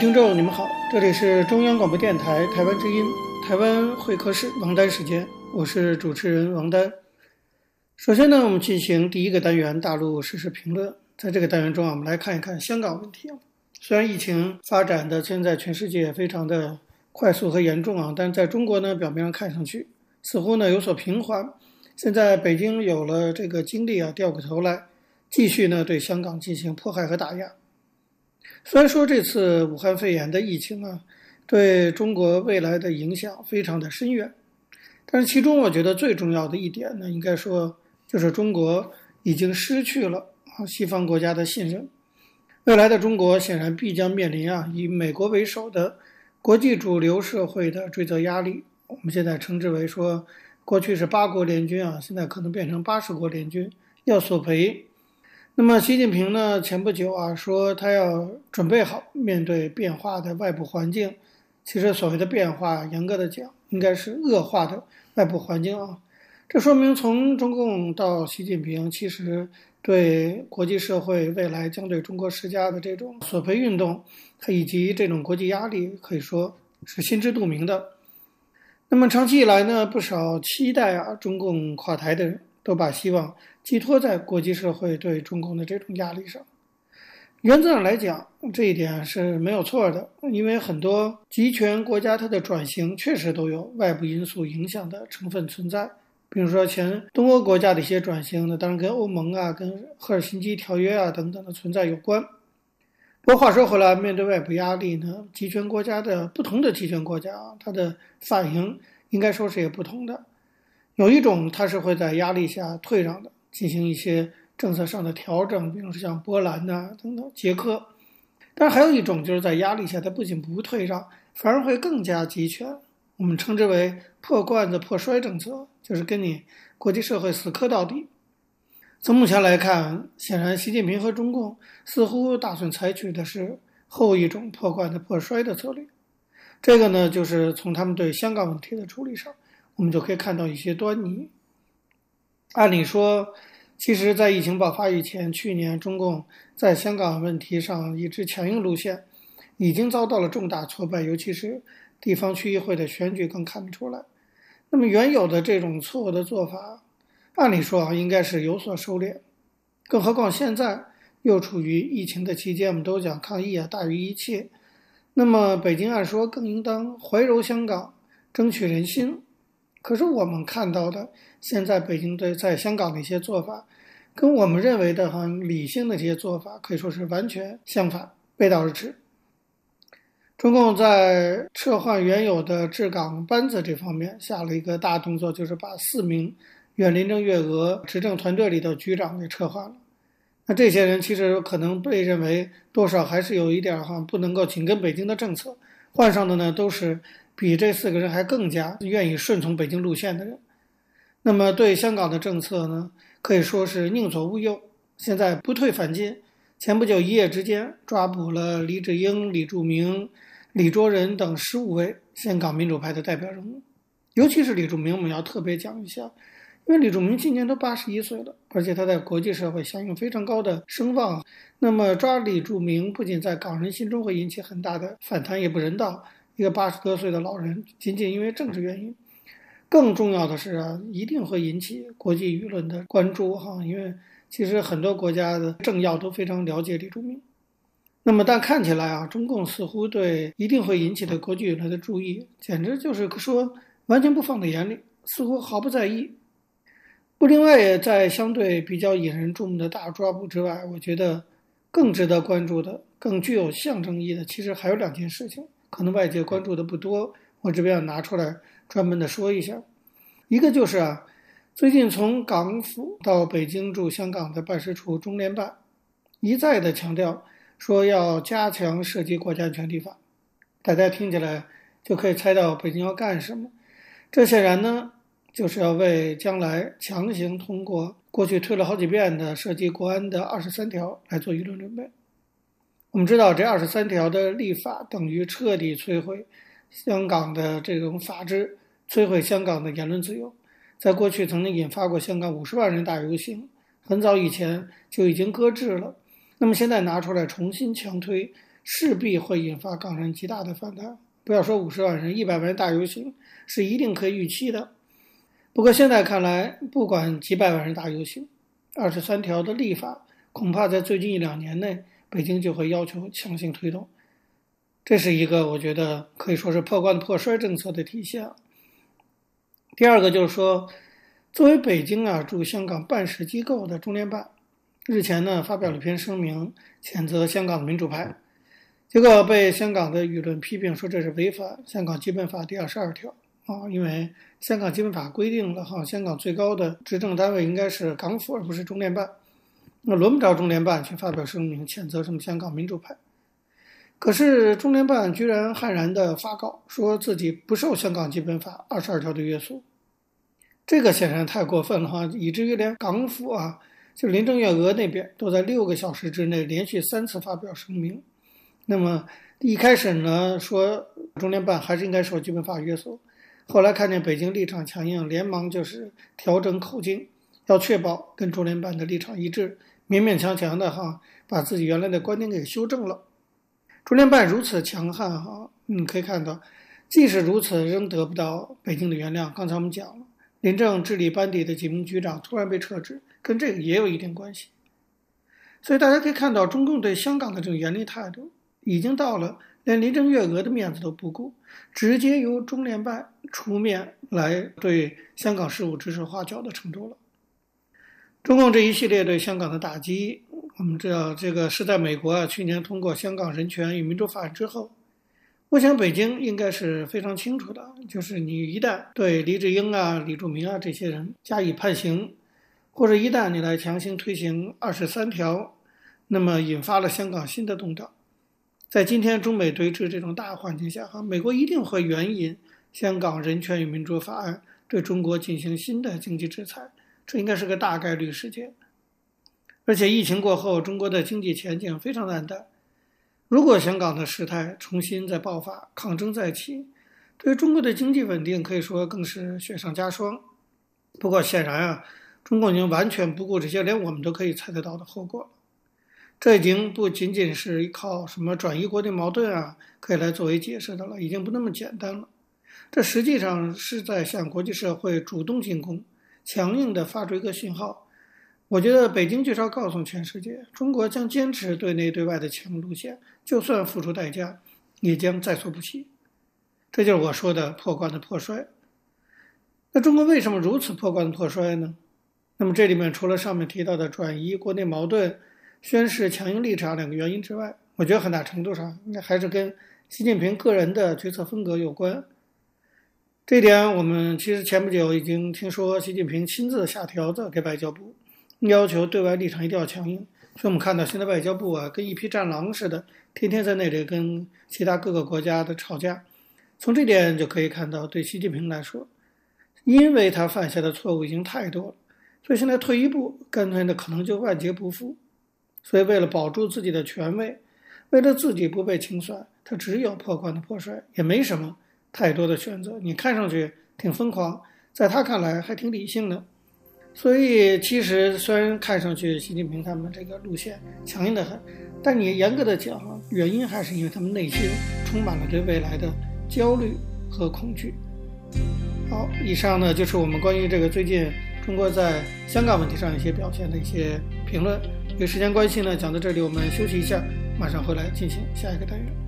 聽眾，你們好，這裡是中央廣播電台台灣之音，台灣會客室，王丹時間，我是主持人王丹。首先呢，我們進行第一個單元，大陸時事評論。在這個單元中啊，我們來看一看香港問題。雖然疫情發展的現在全世界非常的快速和嚴重啊，但在中國呢，表面上看上去似乎呢有所平緩。現在北京有了這個精力啊，掉過頭來繼續呢，對香港進行迫害和打壓。雖然說這次武漢肺炎的疫情啊，對中國未來的影響非常的深遠，但是其中我覺得最重要的一點呢，應該說就是中國已經失去了啊西方國家的信任。未來的中國顯然必將面臨啊以美國為首的國際主流社會的追責壓力。我們現在稱之為說，過去是八國聯軍啊，現在可能變成八十國聯軍，要索賠。那麼，習近平呢，前不久啊，說他要準備好面對變化的外部環境。其實，所謂的變化，嚴格的講，應該是惡化的外部環境啊。這說明，從中共到習近平，其實對國際社會未來將對中國施加的這種索賠運動，以及這種國際壓力，可以說是心知肚明的。那麼，長期以來呢，不少期待啊中共垮台的人，都把希望寄托在國際社會對中共的這種壓力上，原則上來講，這一點是沒有錯的。因為很多集權國家它的轉型確實都有外部因素影響的成分存在。比如說前東歐國家的一些轉型呢，當然跟歐盟啊、跟赫爾辛基條約啊等等的存在有關。不過話說回來，面對外部壓力呢，集權國家的不同的集權國家啊，它的反應應該說是也不同的。有一種它是會在壓力下退讓的。進行一些政策上的調整，比如像波蘭吶、啊、等等，捷克。但是還有一種，就是在壓力下，它不僅不退讓，反而會更加集權。我們稱之為“破罐子破摔”政策，就是跟你國際社會死磕到底。從目前來看，顯然習近平和中共似乎打算採取的是後一種“破罐子破摔”的策略。這個呢，就是從他們對香港問題的處理上，我們就可以看到一些端倪。按理說，其實，在疫情爆發以前，去年中共在香港問題上一直強硬路線，已經遭到了重大挫敗，尤其是地方區議會的選舉更看得出來。那麼原有的這種錯誤的做法，按理說啊，應該是有所收斂。更何況現在又處於疫情的期間，我們都講抗疫啊大於一切。那麼北京按說更應當懷柔香港，爭取人心。可是我們看到的現在北京對在香港的一些做法，跟我們認為的哈理性的這些做法可以說是完全相反，背道而馳。中共在撤換原有的治港班子這方面下了一個大動作，就是把四名原林鄭月娥執政團隊裡的局長給撤換了。那這些人其實可能被認為多少還是有一點哈不能夠緊跟北京的政策，換上的呢，都是。比這四個人還更加願意順從北京路線的人，那麼對香港的政策呢，可以說是寧左勿右。現在不退反進，前不久一夜之間抓捕了黎智英、李柱銘、李卓人等十五位香港民主派的代表人物。尤其是李柱銘，我們要特別講一下，因為李柱銘今年都八十一歲了，而且他在國際社會享有非常高的聲望。那麼抓李柱銘，不僅在港人心中會引起很大的反彈，也不人道。一個八十多歲的老人，僅僅因為政治原因，更重要的是啊，一定會引起國際輿論的關注哈。因為其實很多國家的政要都非常了解李柱銘。那麼，但看起來啊，中共似乎對一定會引起的國際輿論的注意，簡直就是說完全不放在眼裡，似乎毫不在意。不，另外在相對比較引人注目的大抓捕之外，我覺得更值得關注的、更具有象徵意義的，其實還有兩件事情。可能外界關注的不多，我這邊要拿出來專門的說一下。一個就是啊，最近從港府到北京駐香港的辦事處中聯辦，一再的強調說要加強涉及國家安全立法。大家聽起來就可以猜到北京要幹什麼。這顯然呢，就是要為將來強行通過過去推了好幾遍的涉及國安的二十三條來做輿論準備。我們知道，這二十三條的立法等於徹底摧毀香港的這種法治，摧毀香港的言論自由。在過去曾經引發過香港五十萬人大遊行，很早以前就已經擱置了。那麼現在拿出來重新強推，勢必會引發港人極大的反彈。不要說五十萬人、一百萬人大遊行，是一定可以預期的。不過現在看來，不管幾百萬人大遊行，二十三條的立法恐怕在最近一兩年內。北京就會要求強行推動，這是一個我覺得可以說是破罐子破摔政策的體現。第二個就是說，作為北京啊駐香港辦事機構的中聯辦，日前呢發表了一篇聲明，譴責香港的民主派，結果被香港的輿論批評說，這是違反香港基本法第二十二條啊、哦，因為香港基本法規定了哈，香港最高的執政單位應該是港府，而不是中聯辦。那輪不着中聯辦去發表聲明譴責什麼香港民主派，可是中聯辦居然悍然的發稿，說自己不受香港基本法二十二條的約束，這個顯然太過分了哈，以至於連港府啊，就林鄭月娥那邊都在六個小時之內連續三次發表聲明。那麼一開始呢，說中聯辦還是應該受基本法約束，後來看見北京立場強硬，連忙就是調整口徑，要確保跟中聯辦的立場一致。勉勉強強的哈，把自己原來的觀點給修正了。中聯辦如此強悍哈，你可以看到，即使如此仍得不到北京的原諒。剛才我們講了，林鄭治理班底的幾名局長突然被撤職，跟這個也有一定關係。所以大家可以看到，中共對香港的這種嚴厲態度已經到了連林鄭月娥的面子都不顧，直接由中聯辦出面來對香港事務指手畫腳的程度了。中共這一系列對香港的打擊，我們知道這個是在美國啊，去年通過《香港人權與民主法案》之後。我想北京應該是非常清楚的，就是你一旦對黎智英啊、李柱銘啊這些人加以判刑，或者一旦你來強行推行二十三條，那麼引發了香港新的動盪，在今天中美對峙這種大環境下，哈，美國一定會援引《香港人權與民主法案》對中國進行新的經濟制裁。這應該是個大概率事件，而且疫情過後，中國的經濟前景非常暗淡，淡。如果香港的事態重新再爆發，抗爭再起，對於中國的經濟穩定可以說更是雪上加霜。不過顯然啊，中國已經完全不顧這些，連我們都可以猜得到的後果了。這已經不僅僅是依靠什麼轉移國內矛盾啊，可以來作為解釋的了，已經不那麼簡單了。這實際上是在向國際社會主動進攻。強硬的發出一個信號，我覺得北京就是要告訴全世界：中國將堅持對內對外的強硬路線，就算付出代價，也將在所不惜。這就是我說的破罐子破摔。那中國為什麼如此破罐子破摔呢？那麼這裡面除了上面提到的轉移國內矛盾、宣示強硬立場兩個原因之外，我覺得很大程度上應該還是跟習近平個人的決策風格有關。這點，我們其實前不久已經聽說，習近平親自下調子給外交部，要求對外立場一定要強硬。所以，我們看到現在外交部啊，跟一批戰狼似的，天天在那裡跟其他各個國家的吵架。從這點就可以看到，對習近平來說，因為他犯下的錯誤已經太多了，所以現在退一步，乾脆呢可能就萬劫不復。所以，為了保住自己的權位，為了自己不被清算，他只有破罐子破摔，也沒什麼太多的選擇，你看上去挺瘋狂，在他看來還挺理性的。所以，其實雖然看上去習近平他們這個路線強硬得很，但你嚴格的講，原因還是因為他們內心充滿了對未來的焦慮和恐懼。好，以上呢就是我們關於這個最近中國在香港問題上一些表現的一些評論。因為時間關係呢，講到這裡，我們休息一下，馬上回來進行下一個單元。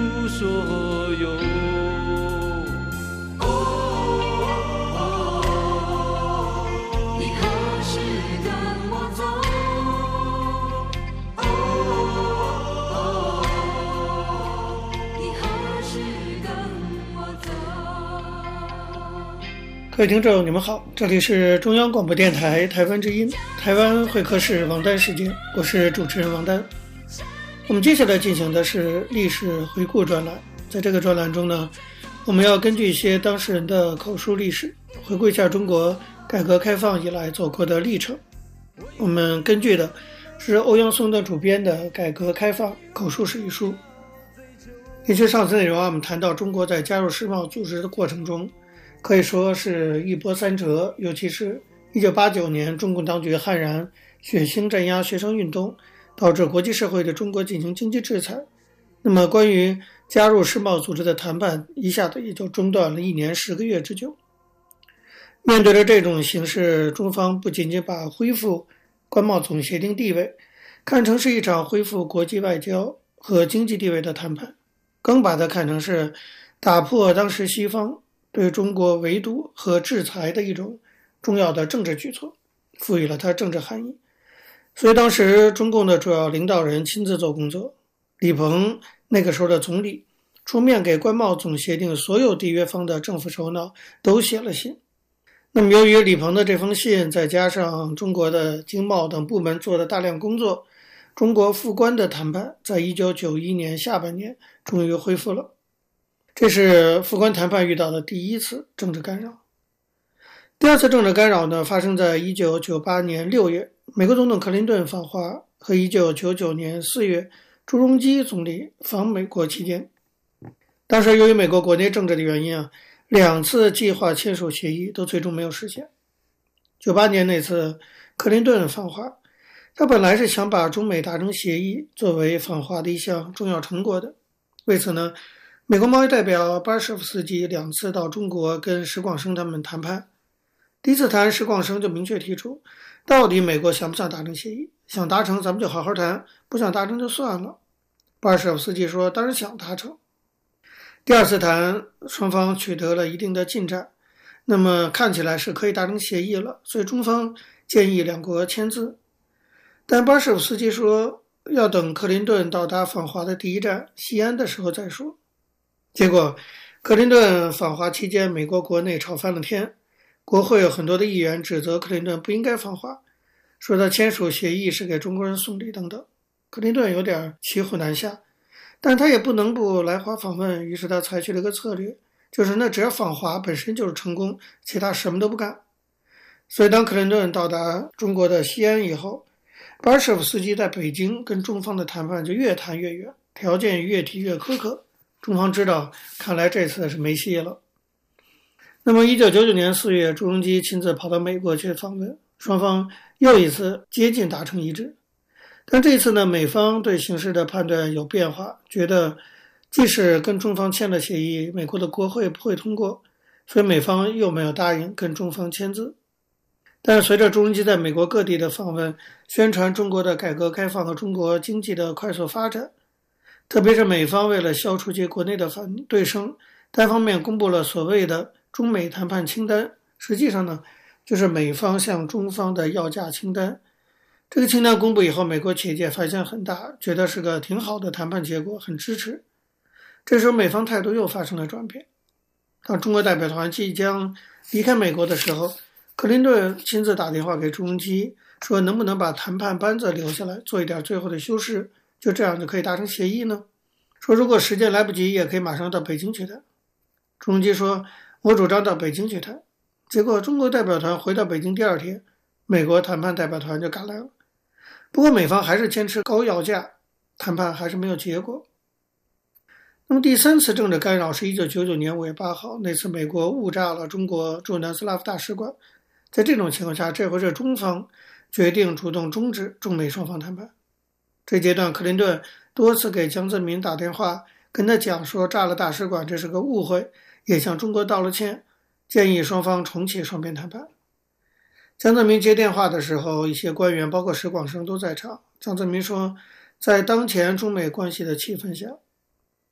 所有、哦哦。你何時跟我走？各位聽眾，你們好，這裡是中央廣播電台台灣之音台灣會客室王丹時間，我是主持人王丹。我們接下來進行的是歷史回顧專欄，在這個專欄中呢，我們要根據一些當事人的口述歷史，回顧一下中國改革開放以來走過的歷程。我們根據的是歐陽松的主編的《改革開放口述史》一書。根據上次內容啊，我們談到中國在加入世貿組織的過程中，可以說是一波三折，尤其是1989年，中共當局悍然血腥鎮壓學生運動。導致國際社會對中國進行經濟制裁，那麼關於加入世貿組織的談判一下子也就中斷了一年十個月之久。面對着這種形勢，中方不僅僅把恢復關貿總協定地位看成是一場恢復國際外交和經濟地位的談判，更把它看成是打破當時西方對中國圍堵和制裁的一種重要的政治舉措，賦予了它政治含義。所以當時中共的主要領導人親自做工作，李鵬那個時候的總理出面給關貿總協定所有締約方的政府首腦都寫了信。那麼由於李鵬的這封信，再加上中國的經貿等部門做的大量工作，中國復關的談判在一九九一年下半年終於恢復了。這是復關談判遇到的第一次政治干擾。第二次政治干擾呢，發生在一九九八年六月。美國總統克林頓訪華和一九九九年四月朱鎔基總理訪美國期間，當時由於美國國內政治的原因啊，兩次計劃簽署協議都最終沒有實現。九八年那次克林頓訪華，他本來是想把中美達成協議作為訪華的一項重要成果的。為此呢，美國貿易代表巴爾舍夫斯基兩次到中國跟石廣生他們談判。第一次談，石廣生就明確提出。到底美國想不想達成協議？想達成，咱們就好好談；不想達成，就算了。巴爾舍夫斯基說：“當然想達成。”第二次談，雙方取得了一定的進展，那麼看起來是可以達成協議了。所以中方建議兩國簽字，但巴爾舍夫斯基說要等克林頓到達訪華的第一站西安的時候再說。結果，克林頓訪華期間，美國國內吵翻了天。國會有很多的議員指責克林頓不應該訪華，說他簽署協議是給中國人送禮等等。克林頓有點騎虎難下，但他也不能不來華訪問，於是他採取了一個策略，就是那只要訪華本身就是成功，其他什麼都不幹。所以當克林頓到達中國的西安以後，巴爾舍夫斯基在北京跟中方的談判就越談越遠，條件越提越苛刻。中方知道，看來這次是沒戲了。那麼，一九九九年四月，朱鎔基親自跑到美國去訪問，雙方又一次接近達成一致。但這次呢，美方對形勢的判斷有變化，覺得即使跟中方簽了協議，美國的國會不會通過，所以美方又沒有答應跟中方簽字。但隨着朱鎔基在美國各地的訪問，宣傳中國的改革開放和中國經濟的快速發展，特別是美方為了消除其國內的反對聲，單方面公布了所謂的中美談判清單實際上呢，就是美方向中方的要價清單。這個清單公布以後，美國企業界反響很大，覺得是個挺好的談判結果，很支持。這時候美方態度又發生了轉變。當中國代表團即將離開美國的時候，克林頓親自打電話給朱鎔基，說能不能把談判班子留下來做一點最後的修飾，就這樣就可以達成協議呢？說如果時間來不及，也可以馬上到北京去的。朱鎔基說。我主張到北京去談，結果中國代表團回到北京第二天，美國談判代表團就趕來了。不過美方還是堅持高要價，談判還是沒有結果。那麼第三次政治干擾是一九九九年五月八號，那次美國誤炸了中國駐南斯拉夫大使館。在這種情況下，這回是中方決定主動終止中美雙方談判。這階段，克林頓多次給江澤民打電話，跟他講說炸了大使館，這是個誤會。也向中國道了歉，建議雙方重啟雙邊談判。江澤民接電話的時候，一些官員，包括石廣生都在場。江澤民說，在當前中美關係的氣氛下，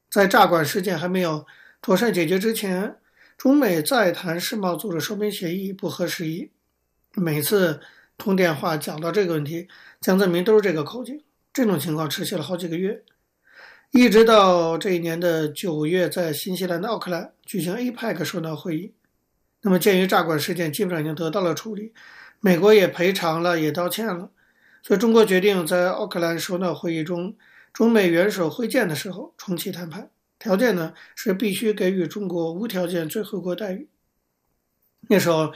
在炸館事件還沒有妥善解決之前，中美再談世貿組織雙邊協議不合時宜。每次通電話講到這個問題，江澤民都是這個口徑。這種情況持續了好幾個月。一直到這一年的九月，在新西蘭的奧克蘭舉行 APEC 首腦會議。那麼，鑑於炸館事件基本上已經得到了處理，美國也賠償了，也道歉了，所以中國決定在奧克蘭首腦會議中，中美元首會見的時候重啟談判。條件呢是必須給予中國無條件最惠國待遇。那時候，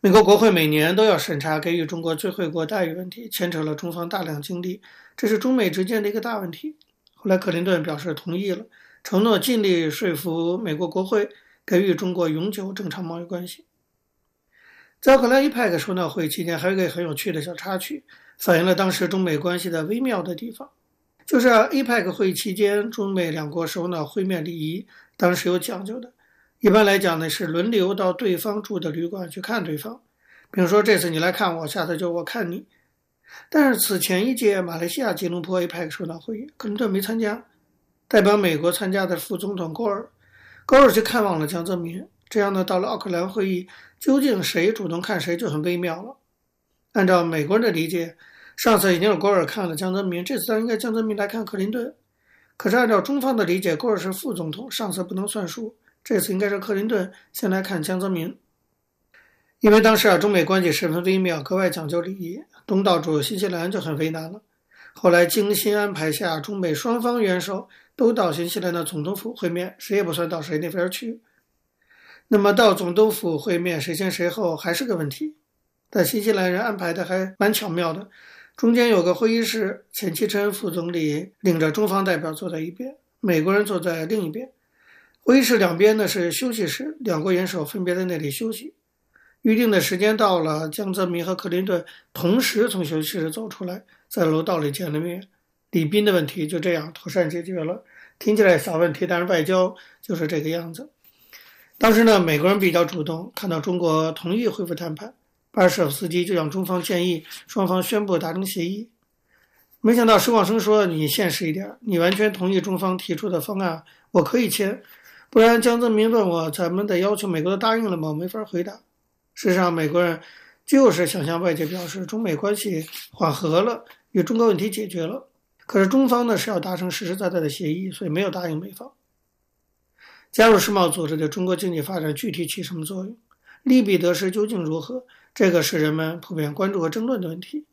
美國國會每年都要審查給予中國最惠國待遇問題，牽扯了中方大量精力，這是中美之間的一個大問題。後來，克林頓表示同意了，承諾盡力說服美國國會給予中國永久正常貿易關係。在奧克蘭 APEC 首腦會議期間，還有一個很有趣的小插曲，反映了當時中美關係的微妙的地方。就是 APEC 會議期間，中美兩國首腦會面禮儀，當時有講究的。一般來講呢，是輪流到對方住的旅館去看對方，比如說這次你來看我，下次就我看你。但是此前一屆馬來西亞吉隆坡 APEC 首腦會議，克林頓沒參加，代表美國參加的副總統戈爾，戈爾去看望了江澤民。這樣呢，到了奧克蘭會議，究竟誰主動看誰就很微妙了。按照美國人的理解，上次已經有戈爾看了江澤民，這次當然應該江澤民來看克林頓。可是按照中方的理解，戈爾是副總統，上次不能算數，這次應該是克林頓先來看江澤民。因為當時啊，中美關係十分微妙，格外講究禮儀。東道主新西蘭就很為難了。後來精心安排下，中美雙方元首都到新西蘭的總督府會面，誰也不算到誰那邊去。那麼到總督府會面，誰先誰後還是個問題。但新西蘭人安排的還蠻巧妙的，中間有個會議室，錢其琛副總理領着中方代表坐在一邊，美國人坐在另一邊。會議室兩邊呢，是休息室，兩國元首分別在那裡休息。預定的時間到了，江澤民和克林頓同時從休息室走出來，在樓道裡見了面。李斌的問題就這樣妥善解決了。聽起來小問題，但是外交就是這個樣子。當時呢，美國人比較主動，看到中國同意恢復談判，巴爾舍夫斯基就向中方建議，雙方宣布達成協議。沒想到石廣生說：“你現實一點，你完全同意中方提出的方案，我可以簽。不然，江澤民問我，咱們的要求美國都答應了嗎？我沒法回答。”事實上，美國人就是想向外界表示中美關係緩和了，與中國問題解決了。可是中方呢，是要達成實實在在的協議，所以沒有答應美方。加入世貿組織對中國經濟發展具體起什麼作用，利弊得失究竟如何？這個是人們普遍關注和爭論的問題。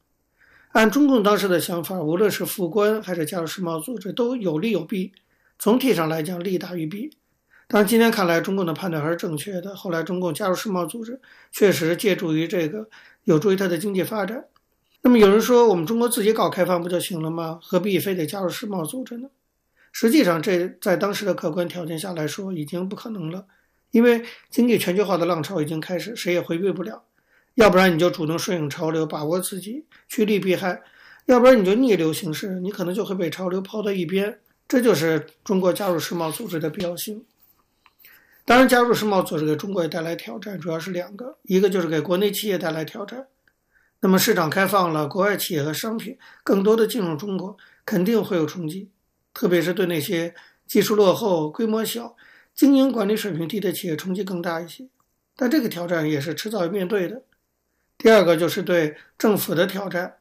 按中共當時的想法，無論是復關還是加入世貿組織，都有利有弊。總體上來講，利大於弊。當然今天看來，中共的判斷還是正確的。後來中共加入世貿組織，確實借助於這個，有助於它的經濟發展。那麼有人說，我們中國自己搞開放不就行了嗎？何必非得加入世貿組織呢？實際上，這在當時的客觀條件下來說已經不可能了，因為經濟全球化的浪潮已經開始，誰也回避不了。要不然你就主動順應潮流，把握自己，趨利避害；要不然你就逆流行事，你可能就會被潮流拋到一邊。這就是中國加入世貿組織的必要性。當然，加入世貿組織給中國也帶來挑戰，主要是兩個，一個就是給國內企業帶來挑戰。那麼市場開放了，國外企業和商品更多的進入中國，肯定會有衝擊，特別是對那些技術落後、規模小、經營管理水平低的企業衝擊更大一些。但這個挑戰也是遲早要面對的。第二個就是對政府的挑戰，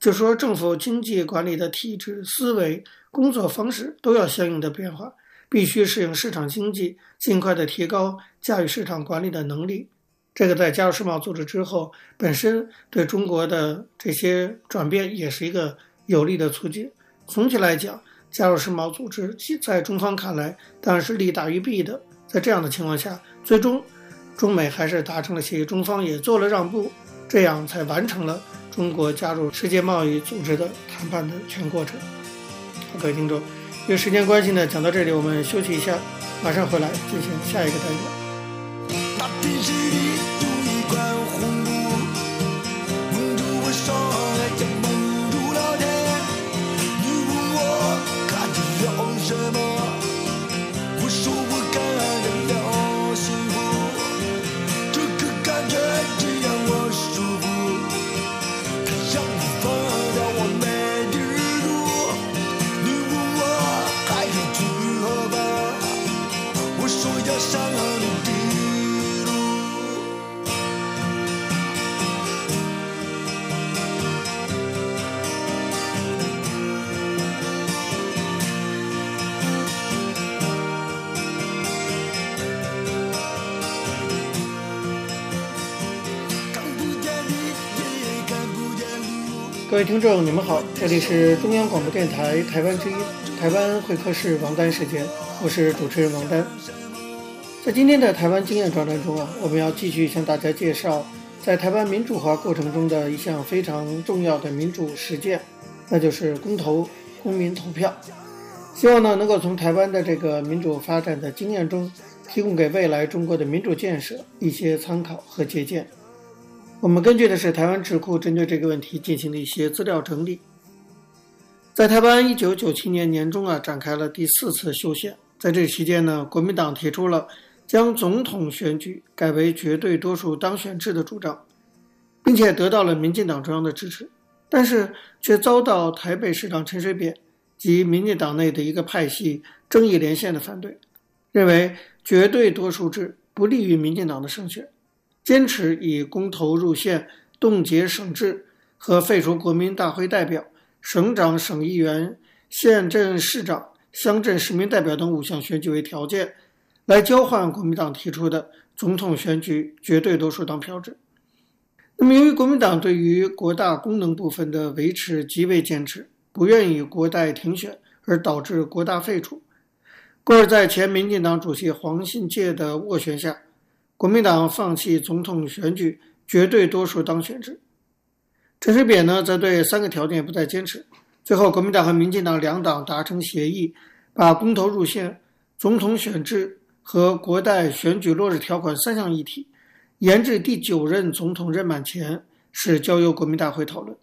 就說政府經濟管理的體制、思維、工作方式都要相應的變化。必須適應市場經濟，儘快的提高駕馭市場管理的能力。這個在加入世貿組織之後，本身對中國的這些轉變也是一個有利的促進。總體來講，加入世貿組織在中方看來當然是利大於弊的。在這樣的情況下，最終中美還是達成了協議，中方也做了讓步，這樣才完成了中國加入世界貿易組織的談判的全過程。好，各位聽眾。因為時間關係呢，講到這裡，我們休息一下，馬上回來進行下一個單元。各位聽眾，你們好，這裡是中央廣播電台台灣之音，台灣會客室王丹時間，我是主持人王丹。在今天的台灣經驗專欄中啊，我們要繼續向大家介紹在台灣民主化過程中的一項非常重要的民主實踐，那就是公投，公民投票。希望呢能夠從台灣的這個民主發展的經驗中，提供給未來中國的民主建設一些參考和借鑒。我們根據的是台灣智庫針對這個問題進行的一些資料整理。在台灣1997年年中啊，展開了第四次修憲。在這期間呢，國民黨提出了將總統選舉改為絕對多數當選制的主張，並且得到了民進黨中央的支持，但是卻遭到台北市長陳水扁及民進黨內的一個派系“正義連線”的反對，認為絕對多數制不利於民進黨的勝選。堅持以公投入憲、凍結省制和廢除國民大會代表、省長、省議員、縣鎮市長、鄉鎮市民代表等五項選舉為條件，來交換國民黨提出的總統選舉絕對多數黨票制。那麼，由於國民黨對於國大功能部分的維持極為堅持，不願意國代停選而導致國大廢除，故而在前民進黨主席黃信介的斡旋下。國民黨放棄總統選舉絕對多數當選制，陳水扁呢則對三個條件不再堅持。最後，國民黨和民進黨兩黨達成協議，把公投入憲、總統選制和國代選舉落日條款三項議題，延至第九任總統任滿前，是交由國民大會討論。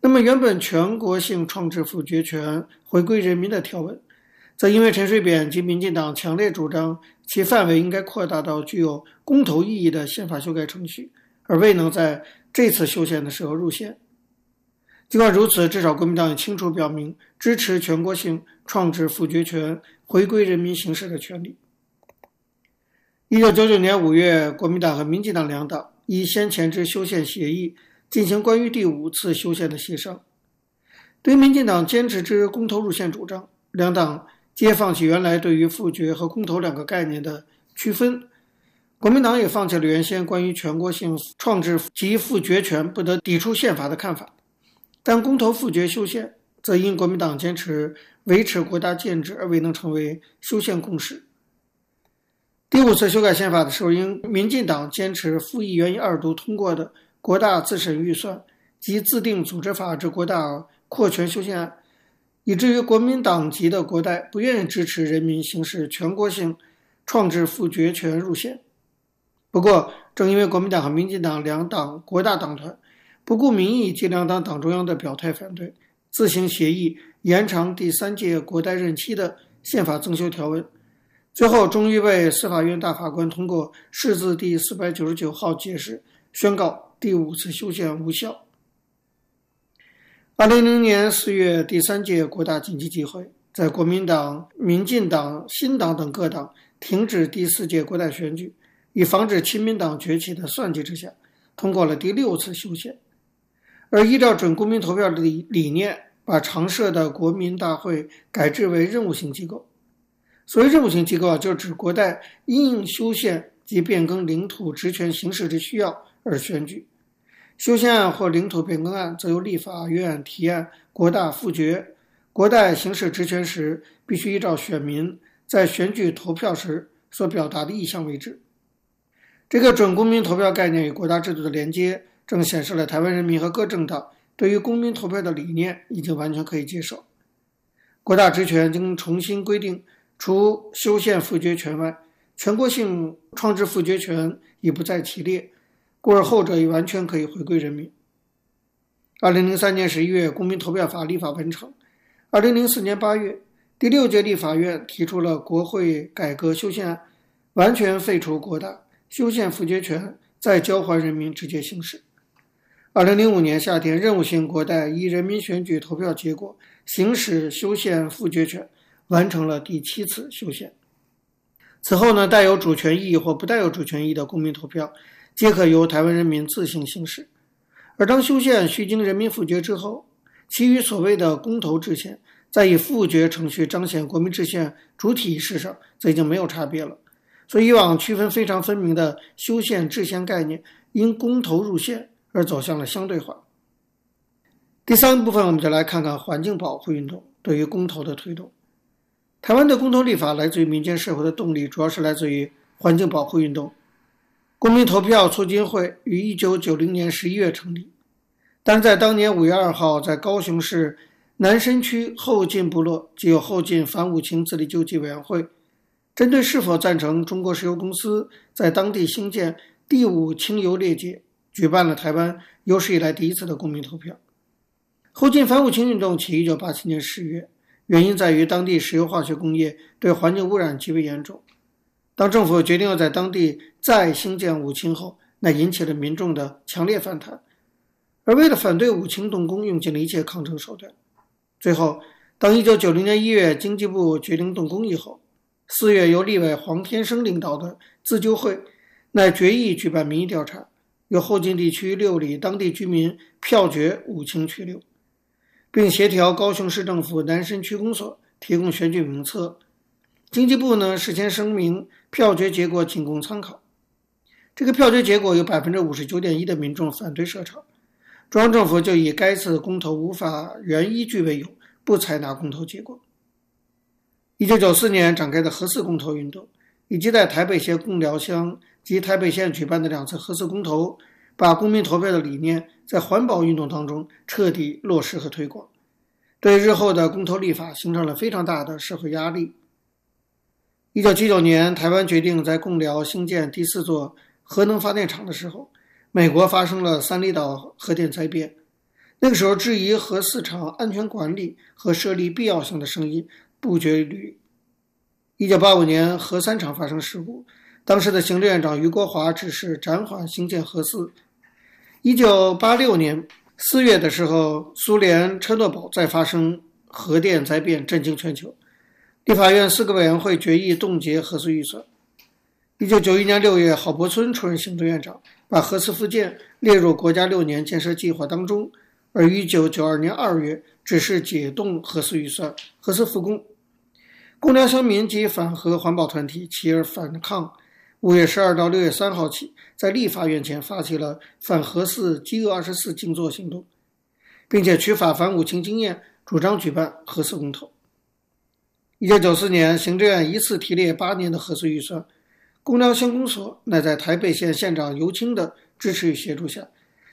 那麼，原本全國性創制複決權回歸人民的條文。則因為陳水扁及民進黨強烈主張其範圍應該擴大到具有公投意義的憲法修改程序，而未能在這次修憲的時候入憲。儘管如此，至少國民黨也清楚表明支持全國性創制複決權回歸人民行使的權利。一九九九年五月，國民黨和民進黨兩黨以先前之修憲協議進行關於第五次修憲的協商。對民進黨堅持之公投入憲主張，兩黨。接放棄原來對於複決和公投兩個概念的區分，國民黨也放棄了原先關於全國性創制及複決權不得抵觸憲法的看法，但公投複決修憲則因國民黨堅持維持國大建制而未能成為修憲共識。第五次修改憲法的時候，因民進黨堅持復議原因二讀通過的國大自審預算及自定組織法之國大擴權修憲案。以至於國民黨籍的國代不願意支持人民行使全國性創制複決權入憲。不過，正因為國民黨和民進黨兩黨國大黨團不顧民意及兩黨黨中央的表態反對，自行協議延長第三屆國代任期的憲法增修條文，最後終於被司法院大法官通過釋字第四百九十九號解釋，宣告第五次修憲無效。二零零年四月，第三屆國大緊急集會，在國民黨、民進黨、新黨等各黨停止第四屆國代選舉，以防止親民黨崛起的算計之下，通過了第六次修憲，而依照準公民投票的理理念，把常設的國民大會改制為任務型機構。所謂任務型機構啊，就指國代因應修憲及變更領土職權行使之需要而選舉。修憲案或領土變更案則由立法院提案，國大複決。國代行使職權時，必須依照選民在選舉投票時所表達的意向為之。這個準公民投票概念與國大制度的連接，正顯示了台灣人民和各政黨對於公民投票的理念已經完全可以接受。國大職權經重新規定，除修憲複決權外，全國性創制複決權已不在其列。故而後者也完全可以回歸人民。二零零三年十一月，公民投票法立法完成。二零零四年八月，第六屆立法院提出了國會改革修憲案，完全廢除國代修憲複決權，再交還人民直接行使。二零零五年夏天，任務型國代以人民選舉投票結果行使修憲複決權，完成了第七次修憲。此後呢，帶有主權意義或不帶有主權意義的公民投票。皆可由台灣人民自行行使，而當修憲須經人民複決之後，其餘所謂的公投制憲，在以複決程序彰顯國民制憲主體意識上，則已經沒有差別了。所以，以往區分非常分明的修憲制憲概念，因公投入憲而走向了相對化。第三部分，我們就來看看環境保護運動對於公投的推動。台灣的公投立法來自於民間社會的動力，主要是來自於環境保護運動。公民投票促進會於一九九零年十一月成立，但在當年五月二號，在高雄市南山區後勁部落，即有後勁反五輕自力救濟委員會，針對是否贊成中國石油公司在當地興建第五輕油裂解，舉辦了台灣有史以來第一次的公民投票。後勁反五輕運動起於一九八七年十月，原因在於當地石油化學工業對環境污染極為嚴重。當政府決定要在當地再興建五輕後，那引起了民眾的強烈反彈。而為了反對五輕動工，用盡了一切抗爭手段。最後，當1990年1月經濟部決定動工以後，4月由立委黃天生領導的自救會，乃決議舉辦民意調查，由後勁地區六里當地居民票決五輕去留，並協調高雄市政府楠梓區公所提供選舉名冊。經濟部呢，事先聲明。票決結果僅供參考。這個票決結果有百分之五十九點一的民眾反對設廠，中央政府就以該次公投無法源依據為由，不採納公投結果。一九九四年展開的核四公投運動，以及在台北縣貢寮鄉及台北縣舉辦的兩次核四公投，把公民投票的理念在環保運動當中徹底落實和推廣，對日後的公投立法形成了非常大的社會壓力。一九七九年，台灣決定在貢寮興建第四座核能發電廠的時候，美國發生了三哩島核電災變。那個時候，質疑核四廠安全管理和設立必要性的聲音不絕於耳。一九八五年，核三廠發生事故，當時的行政院長俞國華指示暫緩興建核四。一九八六年四月的時候，蘇聯車諾堡在發生核電災變，震驚全球。立法院四個委員會決議凍結核四預算。一九九一年六月，郝柏村出任行政院長，把核四復建列入國家六年建設計劃當中；而一九九二年二月，只是解凍核四預算，核四復工。貢寮鄉民及反核環保團體起而反抗。五月十二到六月三號起，在立法院前發起了“反核四飢餓二十四”靜坐行動，並且取法反五輕經驗，主張舉辦核四公投。一九九四年，行政院一次提列八年的核四預算，貢寮鄉公所乃在台北縣縣長尤清的支持與協助下，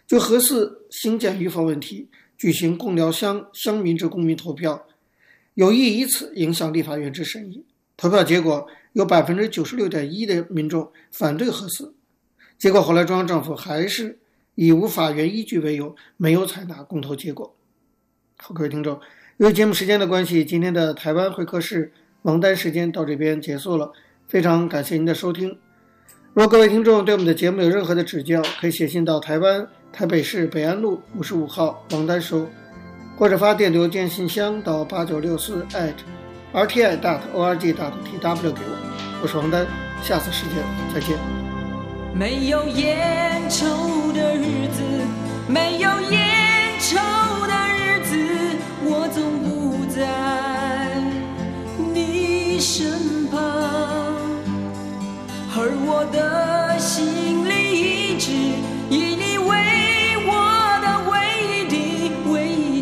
就核四興建與否問題舉行貢寮鄉鄉民之公民投票，有意以此影響立法院之審議。投票結果有百分之九十六點一的民眾反對核四，結果後來中央政府還是以無法源依據為由，沒有採納公投結果。好，各位聽眾。由於節目時間的關係，今天的台灣會客室王丹時間到這邊結束了，非常感謝您的收聽。如果各位聽眾對我們的節目有任何的指教，可以寫信到台灣台北市北安路五十五號王丹收，或者發電子郵件信箱到八九六四艾特 rti dot org dot tw 給我。我是王丹，下次時間再見。沒有烟抽的日子，沒有烟抽的日子。我總不在你身旁，而我的心裡一直以你為我的唯一的、唯一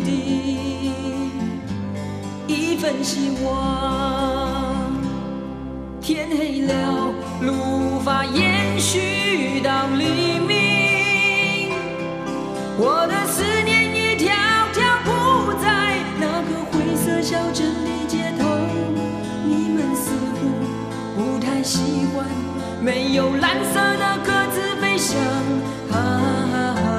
的，一份希望。天黑了，路無法延續到你。沒有藍色的鴿子飛翔，啊。